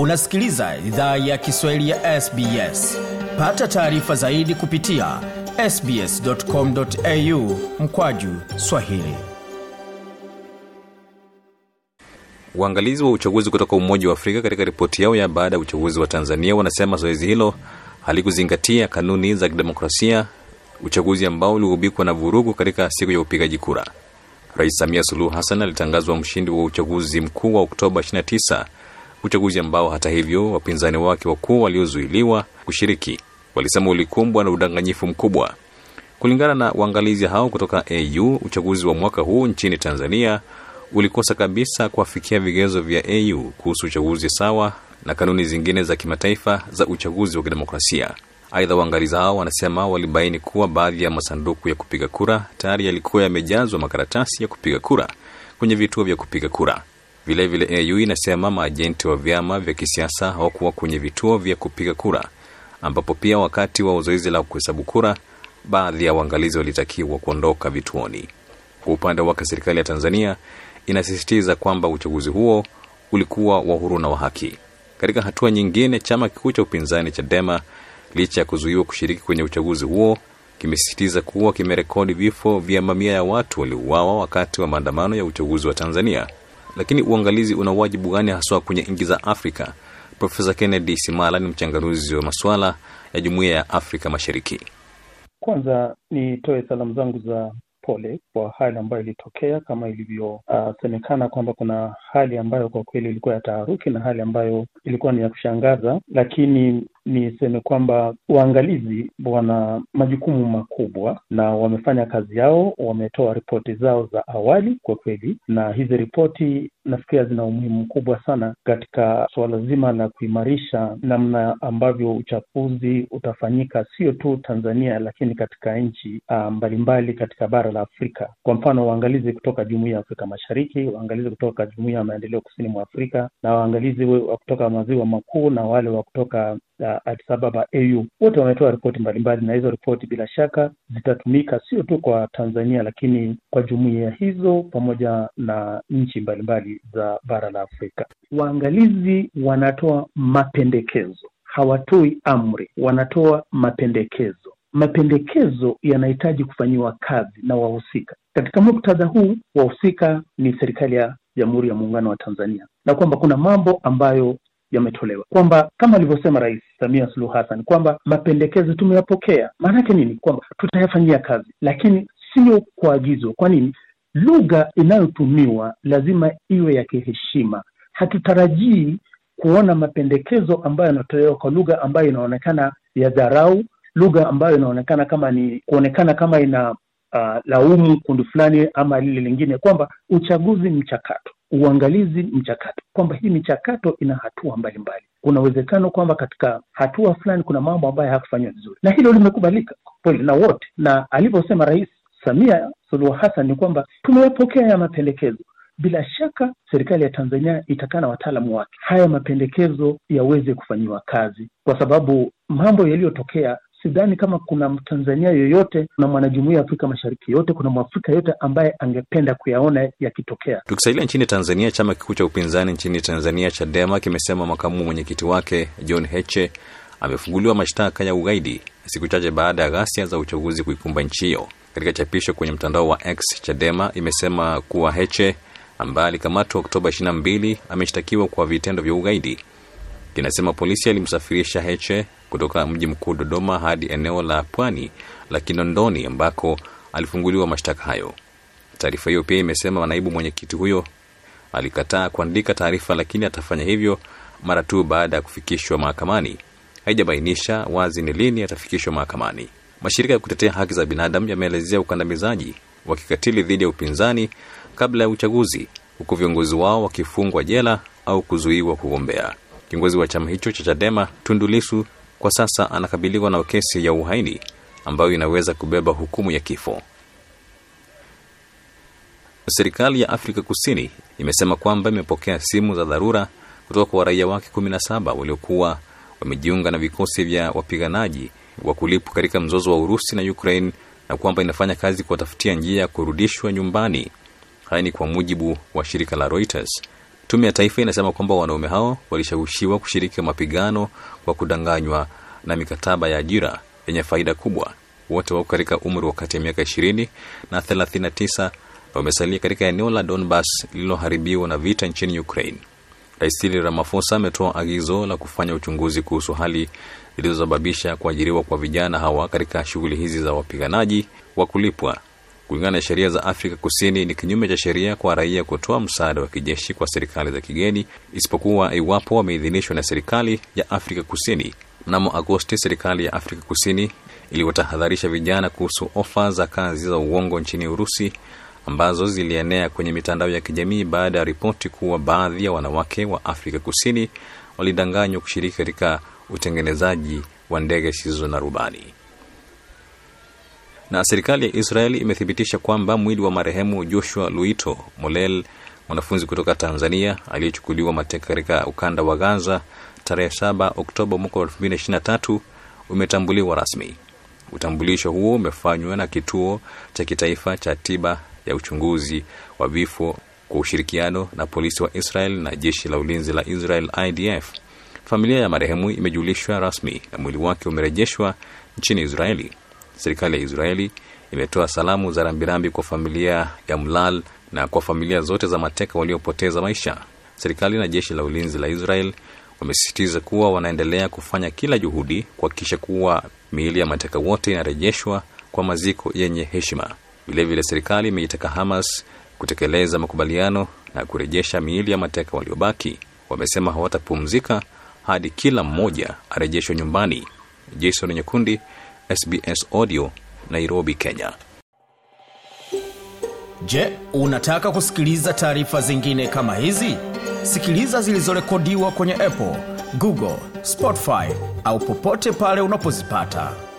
unasikiliza idhaa ya kiswahili ya sbs pata taarifa zaidi kupitia sbscomau mkwaju swahili waangalizi wa uchaguzi kutoka umoja wa afrika katika ripoti yao ya baada ya uchaguzi wa tanzania wanasema zoezi hilo halikuzingatia kanuni za kidemokrasia uchaguzi ambao ulihubikwa na vurugu katika siku ya upigaji kura rais samia suluhu hassan alitangazwa mshindi wa uchaguzi mkuu wa oktoba 29 uchaguzi ambao hata hivyo wapinzani wake wakuu waliozuiliwa kushiriki walisema ulikumbwa na udanganyifu mkubwa. Kulingana na uangalizi hao kutoka AU, uchaguzi wa mwaka huu nchini Tanzania ulikosa kabisa kuafikia vigezo vya AU kuhusu uchaguzi sawa na kanuni zingine za kimataifa za uchaguzi wa kidemokrasia. Aidha, waangalizi hao wanasema walibaini kuwa baadhi ya masanduku ya kupiga kura tayari yalikuwa yamejazwa makaratasi ya kupiga kura kwenye vituo vya kupiga kura. Vilevile vile AU inasema maajenti wa vyama vya kisiasa hawakuwa kwenye vituo vya kupiga kura, ambapo pia wakati wa zoezi la kuhesabu kura baadhi ya waangalizi walitakiwa kuondoka vituoni. Kwa upande wake, serikali ya Tanzania inasisitiza kwamba uchaguzi huo ulikuwa wa huru na wa haki. Katika hatua nyingine, chama kikuu cha upinzani Chadema, licha ya kuzuiwa kushiriki kwenye uchaguzi huo, kimesisitiza kuwa kimerekodi vifo vya mamia ya watu waliouawa wakati wa maandamano ya uchaguzi wa Tanzania lakini uangalizi una wajibu gani haswa kwenye nchi za Afrika? Profesa Kennedy Simala ni mchanganuzi wa masuala ya jumuiya ya Afrika Mashariki. Kwanza nitoe salamu zangu za pole kwa hali ambayo ilitokea, kama ilivyosemekana ah, uh, kwamba kuna hali ambayo kwa kweli ilikuwa ya taharuki na hali ambayo ilikuwa ni ya kushangaza, lakini niseme kwamba waangalizi wana majukumu makubwa na wamefanya kazi yao, wametoa ripoti zao za awali kwa kweli, na hizi ripoti nafikiria zina umuhimu mkubwa sana katika suala zima la kuimarisha namna ambavyo uchafuzi utafanyika sio tu Tanzania, lakini katika nchi ah, mbalimbali katika bara la Afrika. Kwa mfano, waangalizi kutoka Jumuiya ya Afrika Mashariki, waangalizi kutoka Jumuiya ya Maendeleo Kusini mwa Afrika na waangalizi wa kutoka maziwa makuu na wale wa kutoka uh, Addis Ababa AU wote wametoa ripoti mbalimbali, na hizo ripoti bila shaka zitatumika sio tu kwa Tanzania, lakini kwa jumuiya hizo pamoja na nchi mbalimbali za bara la Afrika. Waangalizi wanatoa mapendekezo, hawatoi amri, wanatoa mapendekezo. Mapendekezo yanahitaji kufanyiwa kazi na wahusika. Katika muktadha huu, wahusika ni serikali ya Jamhuri ya Muungano wa Tanzania na kwamba kuna mambo ambayo yametolewa, kwamba kama alivyosema Rais Samia Suluhu Hassan kwamba mapendekezo tumeyapokea. Maanake nini? Kwamba tutayafanyia kazi, lakini sio kwa agizo. Kwa nini? Lugha inayotumiwa lazima iwe ya kiheshima. Hatutarajii kuona mapendekezo ambayo yanatolewa kwa lugha ambayo inaonekana ya dharau, lugha ambayo inaonekana kama ni kuonekana kama ina uh, laumu kundi fulani ama lile lingine, kwamba uchaguzi mchakato uangalizi mchakato, kwamba hii michakato ina hatua mbalimbali. Kuna uwezekano kwamba katika hatua fulani kuna mambo ambayo hayakufanyiwa vizuri, na hilo limekubalika kweli na wote, na alivyosema Rais Samia Suluhu Hassan ni kwamba tumeyapokea ya mapendekezo bila shaka serikali ya Tanzania itakaa na wataalamu wake, haya mapendekezo yaweze kufanyiwa kazi, kwa sababu mambo yaliyotokea sidhani kama kuna Mtanzania yoyote, na mwanajumuia ya Afrika Mashariki yote, kuna Mwafrika yote ambaye angependa kuyaona yakitokea. Tukisalia nchini Tanzania, chama kikuu cha upinzani nchini Tanzania Chadema kimesema makamu mwenyekiti wake John Heche amefunguliwa mashtaka ya ugaidi siku chache baada ya ghasia za uchaguzi kuikumba nchi hiyo. Katika chapisho kwenye mtandao wa X, Chadema imesema kuwa Heche ambaye alikamatwa Oktoba 22 ameshtakiwa kwa vitendo vya ugaidi. Kinasema polisi alimsafirisha Heche kutoka mji mkuu Dodoma hadi eneo la pwani la Kinondoni ambako alifunguliwa mashtaka hayo. Taarifa hiyo pia imesema naibu mwenyekiti huyo alikataa kuandika taarifa, lakini atafanya hivyo mara tu baada ya kufikishwa mahakamani. Haijabainisha wazi ni lini atafikishwa mahakamani. Mashirika ya kutetea haki za binadamu yameelezea ukandamizaji wa kikatili dhidi ya upinzani kabla ya uchaguzi, huku viongozi wao wakifungwa jela au kuzuiwa kugombea. Kiongozi wa chama hicho cha Chadema Tundulisu kwa sasa anakabiliwa na kesi ya uhaini ambayo inaweza kubeba hukumu ya kifo. Serikali ya Afrika Kusini imesema kwamba imepokea simu za dharura kutoka kwa raia wake 17 waliokuwa wamejiunga na vikosi vya wapiganaji wa kulipwa katika mzozo wa Urusi na Ukraine na kwamba inafanya kazi kuwatafutia njia ya kurudishwa nyumbani. Haya ni kwa mujibu wa shirika la Reuters Tume ya Taifa inasema kwamba wanaume hao walishawishiwa kushiriki mapigano kwa kudanganywa na mikataba ya ajira yenye faida kubwa. Wote wako katika umri wa kati ya miaka 20 na 39 wamesalia katika eneo la Donbas lililoharibiwa na vita nchini Ukraine. Rais Cyril Ramaphosa ametoa agizo la kufanya uchunguzi kuhusu hali zilizosababisha kuajiriwa kwa vijana hawa katika shughuli hizi za wapiganaji wa kulipwa. Kulingana na sheria za Afrika Kusini, ni kinyume cha sheria kwa raia kutoa msaada wa kijeshi kwa serikali za kigeni, isipokuwa iwapo wameidhinishwa na serikali ya Afrika Kusini. Mnamo Agosti, serikali ya Afrika Kusini iliwatahadharisha vijana kuhusu ofa za kazi za uongo nchini Urusi ambazo zilienea kwenye mitandao ya kijamii baada ya ripoti kuwa baadhi ya wanawake wa Afrika Kusini walidanganywa kushiriki katika utengenezaji wa ndege zisizo na rubani. Na serikali ya Israeli imethibitisha kwamba mwili wa marehemu Joshua Luito Molel, mwanafunzi kutoka Tanzania aliyechukuliwa mateka katika ukanda wa Gaza tarehe 7 Oktoba mwaka 2023 umetambuliwa rasmi. Utambulisho huo umefanywa na Kituo cha Kitaifa cha Tiba ya Uchunguzi wa Vifo kwa ushirikiano na polisi wa Israel na jeshi la ulinzi la Israel, IDF. Familia ya marehemu imejulishwa rasmi na mwili wake umerejeshwa nchini Israeli. Serikali ya Israeli imetoa salamu za rambirambi kwa familia ya Mlal na kwa familia zote za mateka waliopoteza maisha. Serikali na jeshi la ulinzi la Israel wamesisitiza kuwa wanaendelea kufanya kila juhudi kuhakikisha kuwa miili ya mateka wote inarejeshwa kwa maziko yenye heshima. Vilevile, serikali imeitaka Hamas kutekeleza makubaliano na kurejesha miili ya mateka waliobaki. Wamesema hawatapumzika hadi kila mmoja arejeshwe nyumbani. Jason Nyekundi, SBS Audio, Nairobi, Kenya. Je, unataka kusikiliza taarifa zingine kama hizi? Sikiliza zilizorekodiwa kwenye Apple, Google, Spotify au popote pale unapozipata.